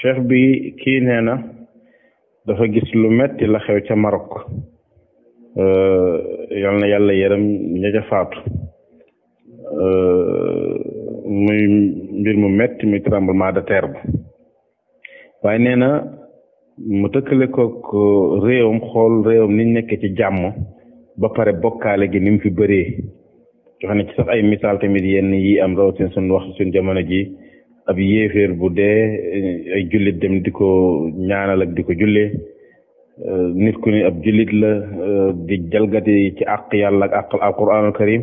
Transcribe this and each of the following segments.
cheikh bi kii nee na dafa gis lu metti la xew ca Maroc eh, yal na yàlla yaram ña ca faatu eh, muy mbir mu metti muy tremblement de terre ba waaye nee na mu tëkkale kook eh, réewam xool réewam niñ nekke ci jàmm ba pare bokkaale gi ni mu fi bëree joxe na ci sax ay misaal tamit yenn yi am rawatina suñ wax suñ jamono ji ab yéeféer bu dee eh, ay jullit dem di ko ñaanal ak di ko jullee eh, nit ku ni ab jullit la eh, di jalgati ci àq yàlla ak àq alquranul karim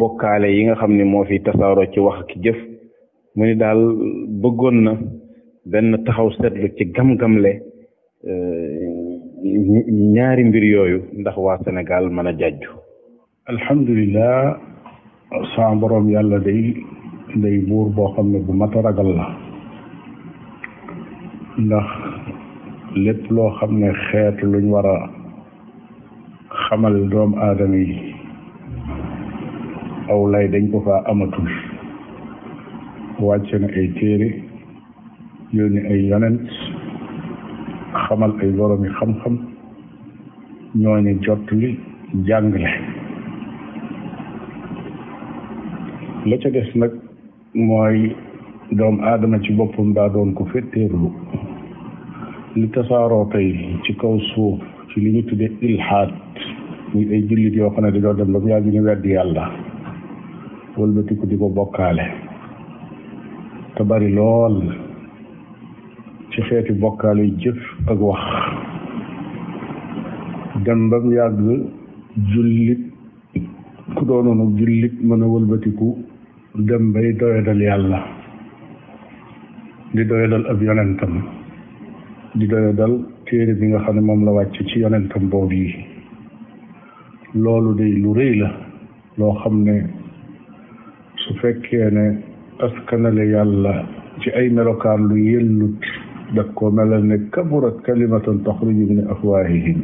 bokkaale yi nga xam ni moo fi tasaaroo ci wax ki jëf mu ni daal bëggoon na benn taxaw seetlu ci gam-gamle ñaari mbir yooyu ndax waa Sénégal mën a jàjju alhamdulilah sa borom yàlla day day buur boo xam ne bu mat a ragal la ndax lépp loo xam ne xeet luñ war a xamal doomu aadama yi aw lay dañ ko faa amatul wàcce na ay téere yónni ay yonent xamal ay boroomi xam-xam ñooñu jot li jàngale la ca des nag mooy doomu aadama ci boppam daa doon ko fetteerlu li tasaaroo tey ci kaw suuf ci li ñu tuddee ilhaad muy ay jullit yoo xam ne dañoo dem ba mu yàgg ñu weddi yàlla wëlbatiku di ko bokkaale te bari lool ci xeeti bokkaale yu jëf ak wax dem ba mu yàgg jullit ku doonoonu jullit mën a wëlbatiku dem bay doyadal yàlla di doyadal ab yonentam di doyadal téere bi nga xam ne moom la wàcc ci yonentam boobu yi loolu de lu rëy la loo xam ne su fekkee ne askanale yàlla ci ay melokaan lu yellut daf koo melal ne kaburat kalimatan taxruju min afwaahihim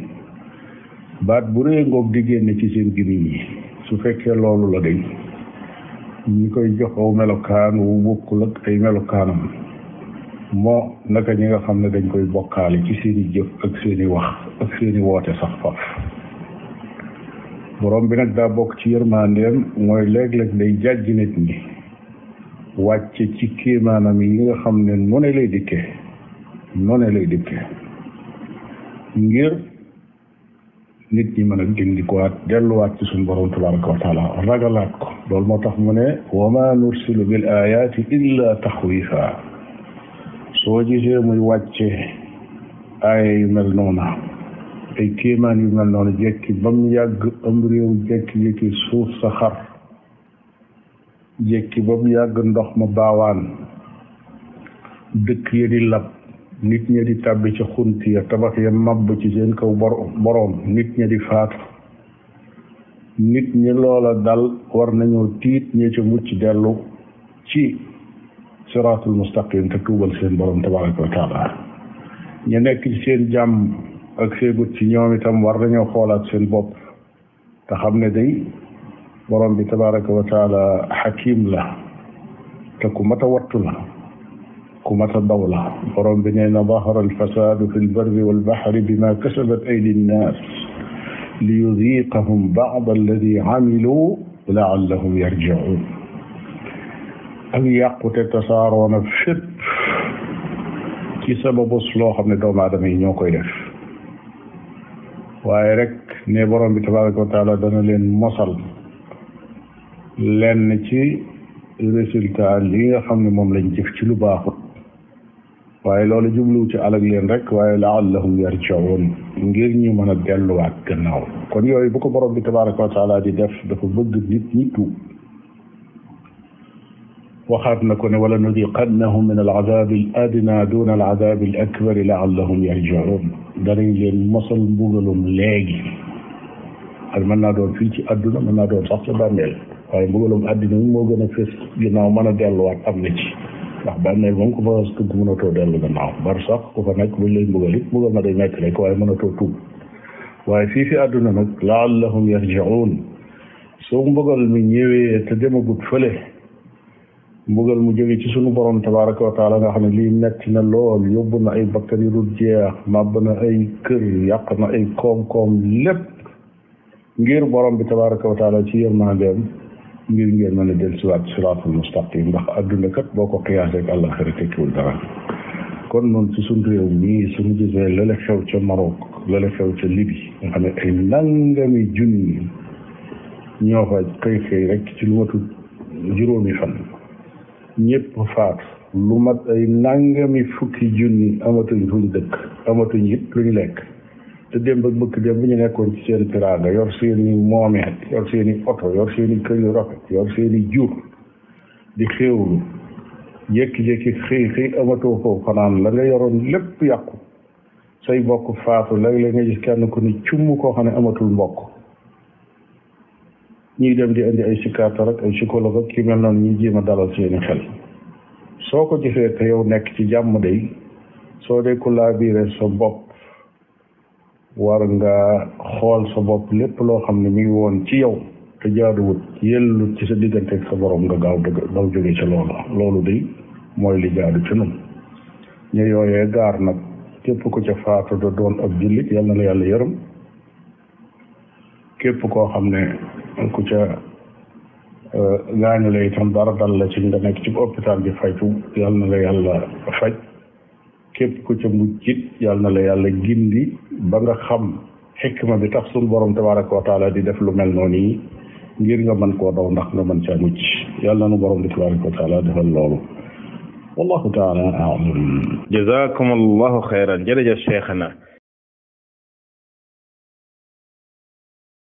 baat bu rëy ngoog di génne ci seen gémmiñ yi su fekkee loolu la day ñi koy joxaw melokaan wu bokkul ak ay melokaanam moo naka ñi nga xam ne dañ koy bokkaale ci seeni jëf ak seeni wax ak seeni woote sax faf borom bi nag daa bokk ci yërmandeem mooy léeg-léeg day jàjj nit ñi wàcce ci kéemaanam yi nga xam ne nu ne lay dikkee nu ne lay dikkee ngir nit ñi mën a gindikuwaat delluwaat ci suñu borom tabaraka wa taala ragalaat ko loolu moo tax mu ne wa ma nursilu bil ayaati illa taxwifa soo gisee muy wàcce aaya yu mel noona ay kéemaan yu mel noona jekki ba mu yàgg am réew jekki-jekki suuf sa xar jekki ba yàgg ndox ma baawaan dëkk ya di lab nit ña di tàbbi ca xunt ya tabax ya màbb ci seen kaw boroom nit ña di faatu nit ñi loola dal war nañu tiit ña ci mucc dellu ci siraatul mustaqim te tuubal seen borom tabaraka wa taala ñu nekk ci seen jàmm ak seegut ci ñoom itam war nañoo xoolaat seen bopp te xam ne day borom bi tabaraka wa taala la te ku watu la ku mat a daw la borom bi nee na dahara alfasaadu fi lbarri walbaxri bima kasabat aydi nnaas liyudiqahum bada alladi amilu laallahum yarjiun ak yàqute tasaaroona fépp ci sababus loo xam ne doomu aadama yi ñoo koy def waaye rek ne borom bi tabaraka wa taala dana leen mosal lenn ci résultat li nga xam ne moom lañ jëf ci lu baaxut waaye loolu jubluwu ci alag leen rek waaye laallahum yarjiun ngir ñu mën a delluwaat gannaaw kon yooyu bu ko borom bi tabaraka wa taala di def dafa bëgg nit ñi tuub waxaat na ko ne wala nudiqannahum min alazabi al adna duna alazabi al akbari laallahum yarjiun danañ leen mosal mbugalum léegi ak mën naa doon fii ci àdduna mën naa doon sax waaye mbugalum mën a delluwaat am ndax bàmmeel moom ku fa tugg mënatoo dellu gannaaw bar sax ku fa nekk buñ lay mbugal ma day metti rek waaye mënatoo tuub waaye fii fi àdduna nag laallahum yarjiun soo mbugal mi ñëwee fële mbugal mu jóge ci sunu borom tabaraka wa xam ne lii metti na lool yóbbu na ay bakkan yu dul màbb na ay kër yàq na ay koom-koom lépp ngir borom bi tabaraka wa taala ci yërmandeem ngir ngeen mën a del siwaat siraatul mustaqim ndax adduna kat boo ko xiyaas rek àllaxira tekkiwul dara kon noonu ci suñ réew mii suñu gisee lala xew ca Maroc lala xew ca Libye nga xam ne ay nangami junni ñoo fa xëy xëy rek ci lu matul juróomi fan ñëpp faat lu mat ay nangami fukki junni amatuñ fuñ dëkk amatuñ it luñ lekk te démb ak bëkk bi ñu nekkoon ci seen tiraanga yor seen i moomeet yor seen oto yor seen i kër yu rafet yor seen jur di xéewlu jékki-jékki xëy xëy amatoo ko xanaan la nga yoroon lépp yàqu say bokk faatu léeg-léeg nga gis kenn ku ni cumm koo xam ne amatul mbokk ñuy dem di indi ay psychiatre ak ay psychologue ak ki mel noonu ñuy jéem a dalal seeni xel soo ko gisee te yow nekk ci jàmm day soo dee ku laa biire sa bopp war nga xool sa bopp lépp loo xam ne mi ngi woon ci yow te jaaduwut yellut ci sa diggante ak sa boroom nga gaaw dëgg daw jóge ca loolu loolu day mooy li jaadu ci nun ñu yooyee gaar nag képp ku ca faatu da doon ab jullit yal na la yàlla yërëm képp koo xam ne ku ca euh, gaañu la itam dara dal la ci nga nekk ci hôpital bi fajtu yal na la yàlla faj képp ku ca muccit yàlla na la yàlla gindi ba nga xam xikma bi tax suñu borom tabaraka wa taala di def lu mel noonu yi ngir nga mën koo daw ndax nga mën caa mucc yàlla nanu borom bi tabaraka wa taala defal loolu wallahu taala alam jazakum allahu xayran jërëjëf cheikhana